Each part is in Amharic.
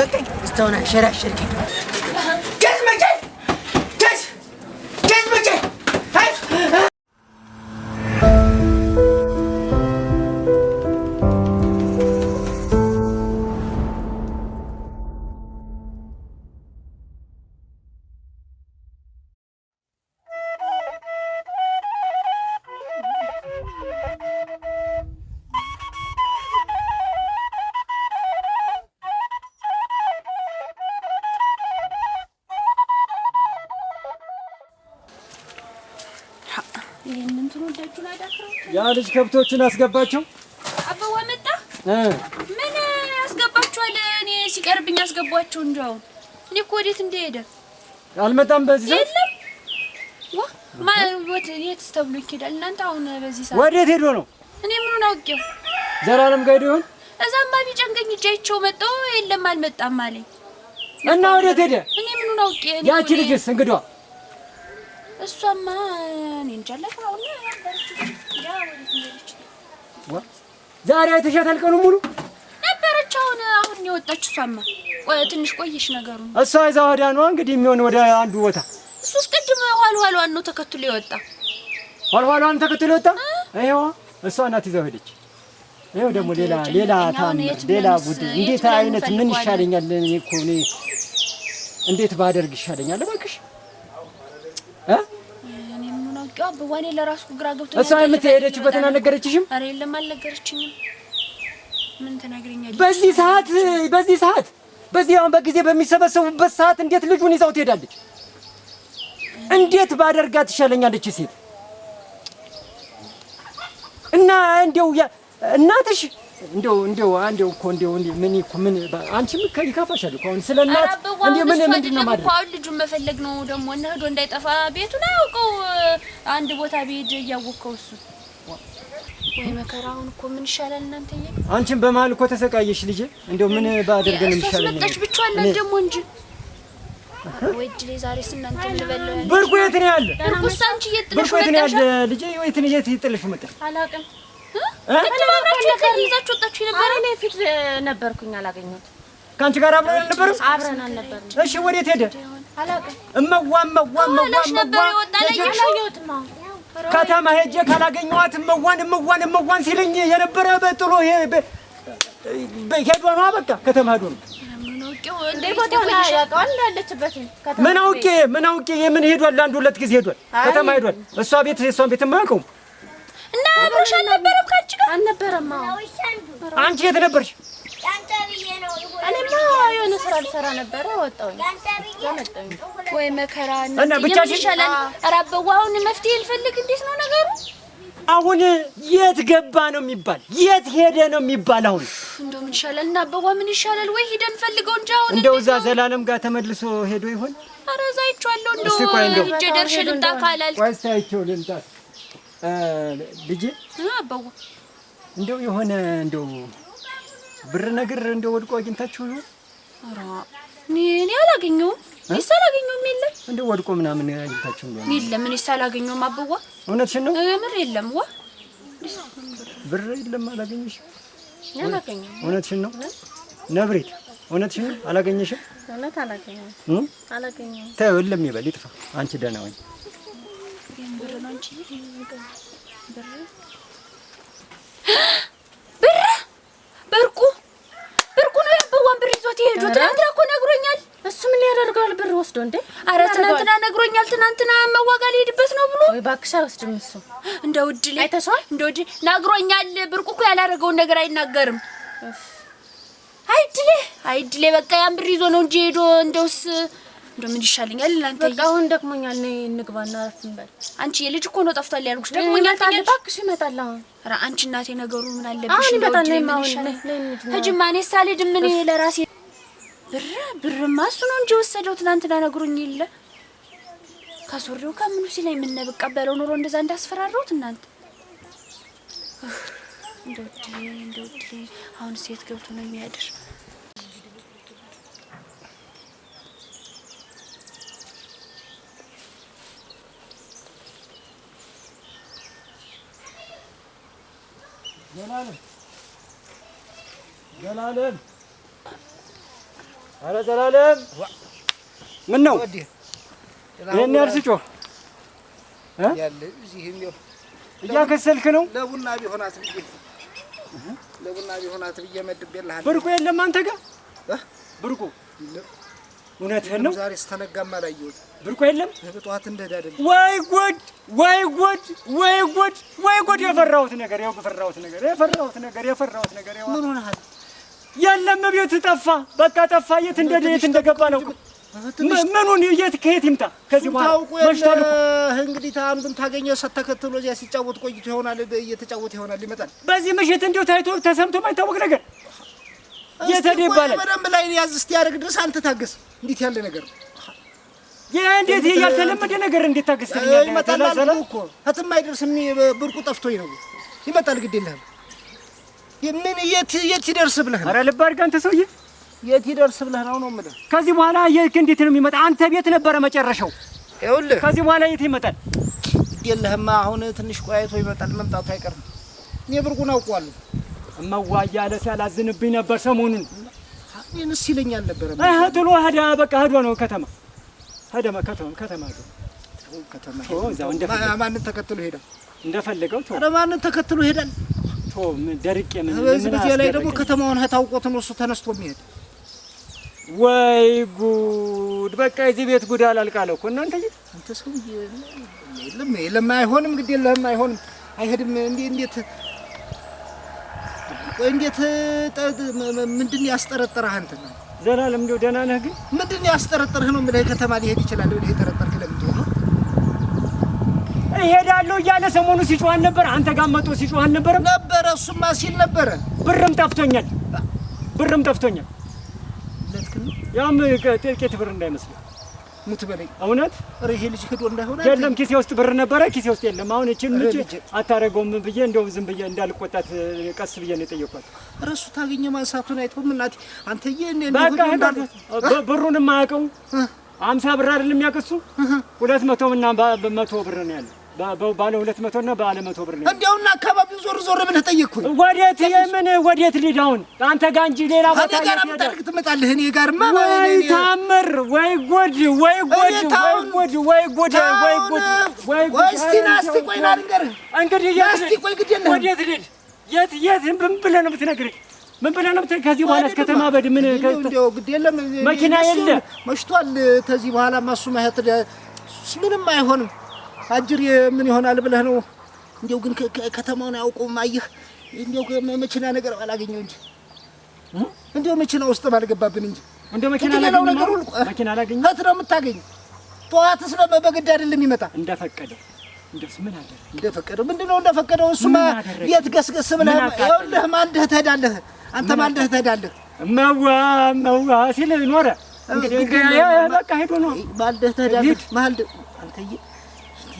በቃኝ። እስካሁን አንሸራሸርከኝ። ያ ልጅ ከብቶችን አስገባቸው። አበባ መጣ። ምን አስገባችኋል? እኔ ሲቀርብኝ አስገቧቸው እንጂ አሁን እኔ እኮ ወዴት እንደሄደ አልመጣም። በዚህ ሰዓት የለም። የትስ ተብሎ ይኬዳል? እናንተ አሁን በዚህ ሰዓት ወዴት ሄዶ ነው? እኔ ምኑን አውቄው? ዘላለም ጋር ይሁን ይሆን? እዛማ ቢጨንገኝ እጃቸው መጣው የለም አልመጣም አለኝ። እና ወዴት ሄደ? እኔ ምኑን አውቄ። ያቺ ልጅስ እንግዷ እሷማ እኔ እንጃ ዛሬ ሙሉ ነበረች። አሁን አሁን የወጣች እሷማ ትንሽ ቆየሽ ነገሩ። እሷ ይዛ ነው እንግዲህ የሚሆን ወደ አንዱ ቦታ እሱስ ቅድም ኋልኋሏን ነው ተከትሎ የወጣ ኋልኋሏን ተከትሎ የወጣ እሷ ናት ይዛው ሄደች። ይኸው ደግሞ ሌላ ሌላ ሌላ እንዴት አይነት ምን ይሻለኛል እኮ እኔ እንዴት ባደርግ ይሻለኛል? እባክሽ እኔ ለራሱ ግራ ገብቶኛል። እሷ የምትሄደችበትን አልነገረችሽም? ኧረ የለም አልነገረችኝም። ምን ትነግረኛለች? በዚህ ሰዓት በዚህ ሰዓት በዚህ አሁን በጊዜ በሚሰበሰቡበት ሰዓት እንዴት ልጁን ይዛው ትሄዳለች? እንዴት ባደርጋ ትሻለኛለች? ሴት እና እንደው እናትሽ እንደው እንደው አንዴው እኮ እንደው ምን እኮ ምን አንቺም ይከፋሻል እኮ አሁን ስለ እናት እንዴ ምን ምንድን ነው ማለት አሁን ልጁን መፈለግ ነው ደግሞ እና ሄዶ እንዳይጠፋ ቤቱን አያውቀው አንድ ቦታ ብሄድ እያወቀው እሱ ወይ መከራ። አሁን እኮ ምን ይሻላል እናንተ? አንቺም በመሀል እኮ ተሰቃየሽ ልጄ። እንደው ምን ባደርግ ነው የሚሻለው? መጣች ብቻ አላት ደግሞ እንጂ ወይ ዛሬ ስናንተ ልበለው። ብርቁ የት ነው ያለ? ብርቁ የት ነው የት ይጥልሽ መጣ አላውቅም ነበርኩኝ፣ አላገኘሁትም። ከአንቺ ጋር አብረን አልነበረም? እሺ፣ ወዴት ሄደ? አላውቅም። እመዋ እመዋ እመዋ ከተማ ሄጄ ካላገኘኋት እመዋን እመዋን እመዋን ሲለኝ የነበረ በጥሎ ሄዶ ነዋ። በቃ ከተማ ሄዶ ነው። ምን አውቄ ምን አውቄ የምን ሄዷል? አንድ ሁለት ጊዜ ሄዷል። ከተማ ሄዷል። እሷ ቤት እሷን ቤት የማያውቀውም እና አብሮሽ አልነበረም ከአንቺ ጋር አልነበረም። አንቺ የት ነበርሽ? እኔማ የሆነ ስራ ልሰራ ነበረ ወጣሁኝ። ወይ መከራ እና ብቻሽን ይሻላል። ኧረ አሁን መፍትሄ ልፈልግ። እንዴት ነው ነገሩ? አሁን የት ገባ ነው የሚባል? የት ሄደ ነው የሚባል? አሁን እንደው ምን ይሻላል እና ምን ይሻላል? ወይ ፈልገው እንጂ አሁን እንደው እዛ ዘላለም ጋር ተመልሶ ሄዶ ይሆን? ኧረ እዛ አይቼዋለሁ። እንደው ደርሼ ልምጣ ካላልክ ልጄ አባው እንደው የሆነ እንደው ብር ነገር እንደው ወድቆ አግኝታችሁ ነው? ኧረ እኔ አላገኘሁም፣ እኔስ አላገኘሁም። የለም እንደው ወድቆ ምናምን አግኝታችሁ ነው? የለም እኔስ አላገኘሁም። አባዋ እውነትሽን ነው? ምር የለም። ዋ ብር የለም አላገኘሽም? አላገኘሁም። እውነትሽን ነው? ነብሬት እውነትሽን ነው? አላገኘሽም? እውነት አላገኘሁም። አላገኘሁም። ተይው የለም ይበል ይጥፋ። አንቺ ደህና ወይ ብር ብርቁ ብርቁ ነው ያበዋን ብር ይዞት የሄዱ። ትናንትና እኮ ነግሮኛል። እሱ ምን ያደርገዋል? ብር ወስዶ እንዴ? አረ ትናንትና ነግሮኛል። ትናንትና መዋጋ ሊሄድበት ነው ብሎ ወይ እባክሽ አይወስድም እሱ። እንደ ውድ ላይ አይተሽዋል? እንደ ውድ ነግሮኛል። ብርቁ እኮ ያላደረገውን ነገር አይናገርም። አይድሌ አይድሌ፣ በቃ ያን ብር ይዞ ነው እንጂ ሄዶ እንደውስ እንደው ምን ይሻለኛል? ላንተ በቃ አሁን ደክሞኛል፣ ነይ እንግባና እረፍት እንበል። አንቺ የልጅ እኮ ነው ጠፍቷል ያልኩሽ። ደክሞኛል ታዲያ እባክሽ ይመጣል። አሁን ኧረ አንቺ እናቴ ነገሩ ምን አለብሽ? አሁን ይመጣል። ነይ ማሁን ሂጂማ። እኔ ሳልሄድ ምን ይሄ ለራሴ ብር ብርማ እሱ ነው እንጂ ወሰደው ትናንትና ነግሮኝ የለ ከሱሪው ከምኑ ሲለኝ ምን ነብቃ በለው ኑሮ እንደዛ እንዳስፈራረሁት እናንተ እንደው ድሌ አሁን ሴት ገብቶ ነው የሚያድር ዘላለም ዘላለም፣ ዘላለም ምን ነው ይሄን ያህል ስጮህ እያከሰልክ ነው? ለቡና ቢሆናት ብዬ ለቡና ቢሆናት ብዬ መድቤልሃለሁ። ብርቁ የለም አንተ ጋር ብርቁ። እውነትህን ነው። ዛሬ ስተነጋማ ላየሁት ብርቆ የለም ጠዋት እንደሄደ አይደለም። ወይ ጉድ! ወይ ጉድ! ወይ ጉድ! ወይ ጉድ! የፈራሁት ነገር ያው የፈራሁት ነገር የፈራሁት ነገር የፈራሁት ነገር ያው ምን ሆነሃል? የለም ቤት ጠፋ፣ በቃ ጠፋ። የት እንደሄደ የት እንደገባ ነው። ምኑን የት ከየት ይምጣ? ከዚህ በኋላ መሽቷል እንግዲህ አንዱን ታገኘ ተከትሎ እዚያ ሲጫወት ቆይቶ ይሆናል፣ እየተጫወተ ይሆናል፣ ይመጣል። በዚህ ምሽት እንዲሁ ታይቶ ተሰምቶ ማይታወቅ ነገር የተደ ይባላል። በደንብ ላይ ያዝ እስኪያደርግ ድረስ አንተ ታገስ። እንዴት ያለ ነገር ነው! እንዴት ይሄ ያልተለመደ ነገር እንዴት ታገስተኛለህ? ይመጣል አልኩህ እኮ ከትም አይደርስም። ብርቁ ጠፍቶኝ ነው። ይመጣል ግድ የለህም። ምን የት የት ይደርስ ብለህ ነው? ኧረ ልብ አድርግ አንተ ሰውዬ፣ የት ይደርስ ብለህ ነው ነው የምልህ። ከዚህ በኋላ የት እንዴት ነው የሚመጣ? አንተ ቤት ነበረ መጨረሻው። ይኸውልህ ከዚህ በኋላ የት ይመጣል? የለህማ አሁን ትንሽ ቆይቶ ይመጣል። መምጣቱ አይቀርም። እኔ ብርቁን አውቀዋለሁ። እመዋ ሲያላዝንብኝ ነበር ሰሞኑን። እኔንስ ይለኛል ነበረ። ጥሎ ሄዳ በቃ ሄዶ ነው ከተማ ከተማ ከተማ ከተማ ማንን ተከትሎ ሄዳል? እንደፈለገው ቶ ማንን ተከትሎ ሄዳል? ደርቄ ምን በዚህ ጊዜ ላይ ደግሞ ከተማውን ታውቆት ነው እሱ ተነስቶ የሚሄድ። ወይ ጉድ! በቃ የዚህ ቤት ጉድ አላልቃለ እኮ እናንተ። አንተ ሰውዬ የለም የለም፣ አይሆንም፣ ግድ የለህም፣ አይሆንም፣ አይሄድም። እንዴት እንዴት ምንድን ያስጠረጠረህ አንተ ነው ዘላለም እንደው ደህና ነህ? ግን ምንድን ነው ያስጠረጠርህ? ነው የምልህ ከተማ ሊሄድ ይችላል ብለህ የጠረጠርህ ለምንድን ነው? እሄዳለሁ እያለ ሰሞኑ ሲጮህ ነበር። አንተ ጋር መጥቶ ሲጮህ አልነበረም? ነበረ። እሱማ ሲል ነበረ። ብርም ጠፍቶኛል፣ ብርም ጠፍቶኛል። ያም ጥቂት ብር እንዳይመስልህ ሙት በለኝ እውነት ይሄ ልጅ ሄዶ እንዳይሆነ የለም ኪሴ ውስጥ ብር ነበረ ኪሴ ውስጥ የለም አሁን እችን ልጅ አታደርገውም ብዬ እንደው ዝም ብዬ እንዳልቆጣት ቀስ ብዬ ነው የጠየኳት እረሱ ታገኘ ማንሳቱን አይተውም እናቴ አንተዬ ብሩን የማያውቀው አምሳ ብር አይደለም የሚያቀሱ ሁለት መቶ ምናምን መቶ ብር ነው ያለው ባለ ሁለት መቶ እና ባለ መቶ ብር ነው። እንዲያውና አካባቢው ዞር ዞር ብለህ ጠየቅኩኝ። ወዴት የምን ወዴት ልሂድ አሁን አንተ ጋ እንጂ ሌላ ቦታ ጋር ምታደርግ ትመጣለህ። እኔ ጋርማ ወይ ታምር ወይ ጎድ ወይ ጎድ ወይ ጎድ ወይ ጎድ ወይ ጎድ ወይ ጎድ። እስቲ ና እስቲ ቆይ ና ልንገርህ እንግዲህ እስቲ ቆይ ግድ ግዴ ወዴት ልሂድ የት የት ምን ብለህ ነው የምትነግረኝ? ምን ብለህ ነው ከዚህ በኋላ እስከ ተማበድ ምን እንደው ግድ የለም መኪና የለ መሽቷል። ከዚህ በኋላ ማሱ ማህተ ምንም አይሆንም። አጅር ምን ይሆናል ብለህ ነው? እንዲያው ግን ከተማውን አያውቁም። አየህ፣ እንዲያው መኪና ነገር አላገኘው እንጂ እንዲያው መኪና ውስጥ አልገባብን እንጂ እንዲያው መኪና ሌላው ነገር ሁሉ መኪና አላገኘ ከት ነው የምታገኝ። ጠዋትስ በግድ አይደለም ይመጣ እንደፈቀደ እንደስ ምን አደረ እንደፈቀደው ምንድን ነው እንደፈቀደው። እሱማ የት ገስገስ ብለህ ይኸውልህ፣ ማልደህ ትሄዳለህ። አንተ ማልደህ ትሄዳለህ። እማዋ እማዋ ሲል ኖረ በቃ ሄዶ ነው ማልደህ ትሄዳለህ። ማልደህ አንተዬ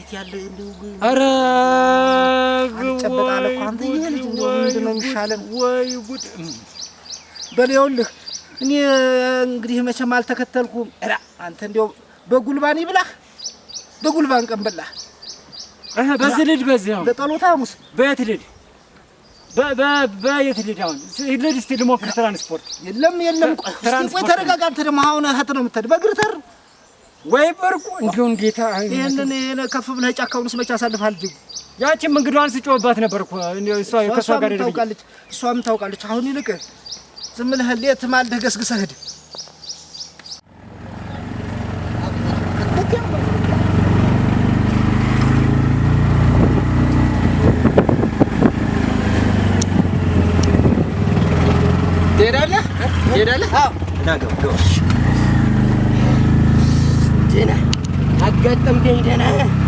ፊት ያለ ኧረ ወይ ጉድ እኔ እንግዲህ መቼም አልተከተልኩም። ኧረ አንተ እንደው በጉልባን ይብላህ፣ በጉልባን ቀን በላህ። በዚህ ልሂድ፣ በዚህ አሁን በጠሎት ሐሙስ በየት ልሂድ? በየት አሁን እስኪ ልሞክር ትራንስፖርት። የለም የለም፣ ቆይ ተረጋጋ። አንተ ደግሞ አሁን እህት ነው የምትሄድ በእግር ተር ወይ በርቁ እንዲሁን ጌታ ይሄንን ከፍ ብለህ ጫካውን ስመች አሳልፋል። ጅቡ ያቺም እንግዳዋን ስጮህባት ነበር እኮ እሷ ከሷ ጋር ታውቃለች፣ እሷም ታውቃለች። አሁን ይልቅ ዝም ብለህ ሌት ማልደህ ገስግሰህ ሂድ። ትሄዳለህ ትሄዳለህ Sen agad ang ganda na.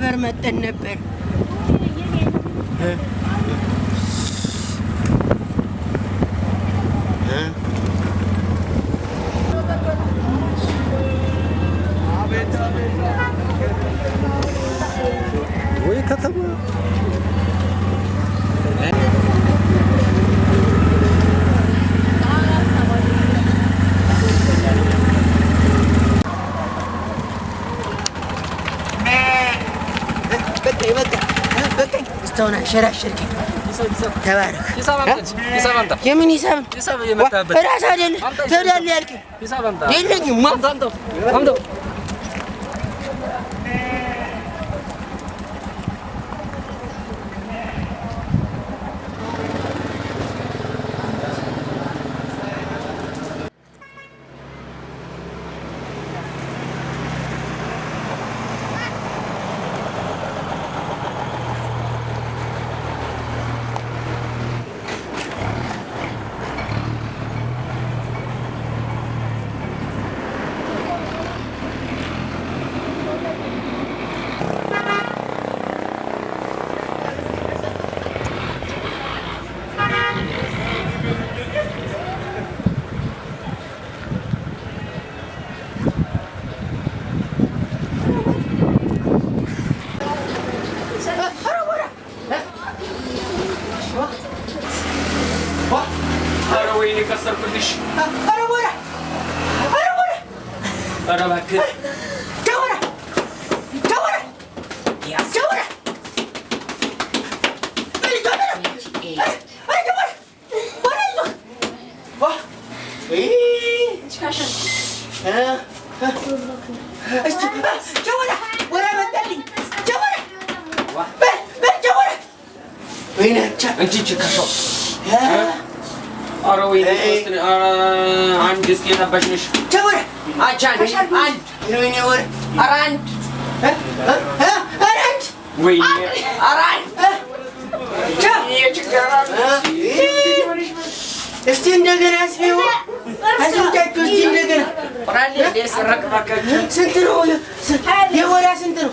vermeden ነበር He. He. Abi, abi. Bu katama. ሰውን አንሸራሸርክ። ተባረክ። የምን ሂሳብ ራስ አይደለ ተዳለ ያልክ የለኝም አንድ እስኪ የጠበሽንሽ እስቲ እንደገና ስሚው አስንታችሁ እስቲ እንደገና ስንት ነው? የወራ ስንት ነው?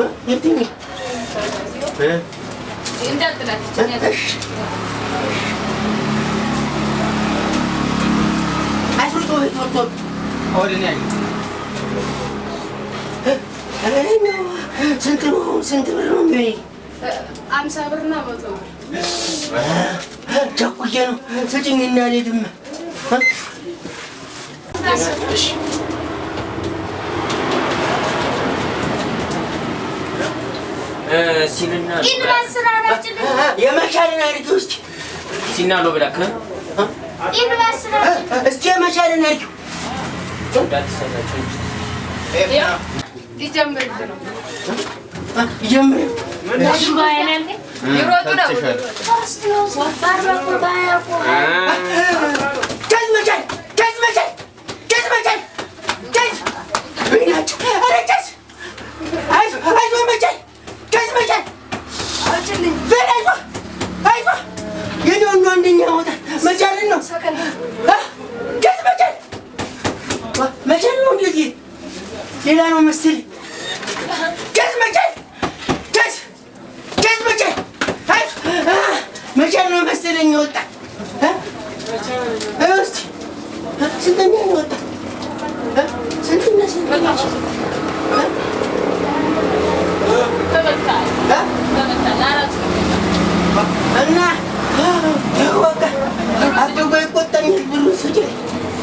ስንት ነው? ስንት ብር ነው የሚሆነኝ? አምሳ ብር እና መቶ ብር ቸኩዬ ነው። ስጭኝና ልሂድማ Ee, Sinirler. Yeni üniversite araştırdım. የመቻልን ውስጥ ውስጥ ሲናሎ ብላክ Yeni üniversite araştırdım. እስቲ የመቻልን አድርጊ እንዳትሰላቸው እንጂ። ሊጀምርልህ ነው። ጀምር ይሮጡ ነው። Orası diyor. Barbar kurbağa kurbağa. ገዝ መቻል ገዝ መቻል ገዝ መቻል ገዝ ናቸው ኧረ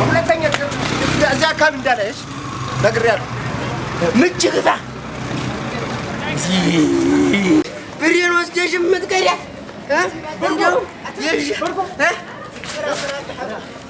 ሁለተኛ እዚያ አካባቢ እንዳለሽ ነግሬያለሁ። ምች ግፋ ብሬን ወስደሽ የምትቀሪያት እንደው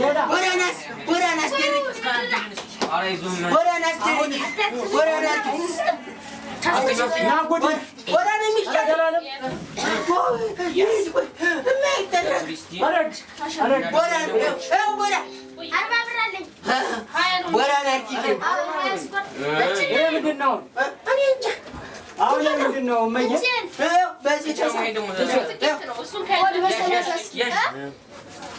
ወራናስ ወራናስ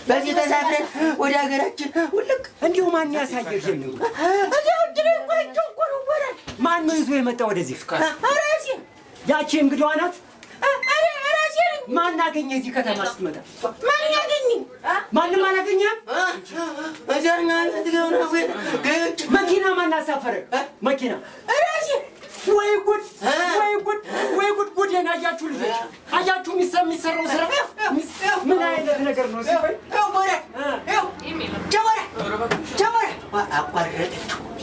በዚህ ተሳፍረን ወደ ሀገራችን ውልቅ እንዲሁ ማን ያሳየር ማን ነው ይዞ የመጣ ወደዚህ? ራሴ ያቺ እንግዲህ ዋናት ራሴ ማን አገኘ? እዚህ ከተማ ስትመጣ ማን ያገኘ? ማንም አላገኘ። መኪና ማን አሳፈረ? መኪና ራሴ። ወይ ጉድ! ወይ ጉድ! ወይ ጉድ! ጉዴን አያችሁ ልጆች፣ አያችሁ የሚሰራው ስራ ምን አይነት ነገር ነው? ሲሆን ጀመረ ጀመረ ጀመረ አቋረጠችው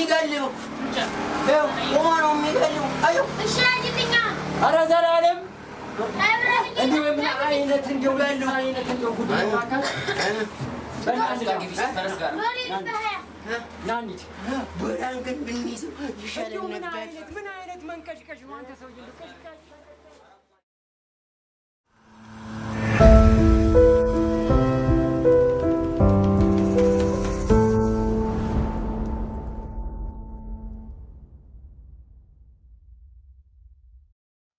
የሚገልበው ቆሞ ነው የሚገልበው። ኧረ ዘላለም እንደው የምን አይነት እንደው ያለው አይነት እንደው ጉድ ናንዲት በላን ግን ብንይዘው ይሻለን ነበር። ምን አይነት መንቀሽቀሽ ነው አንተ ሰውዬ!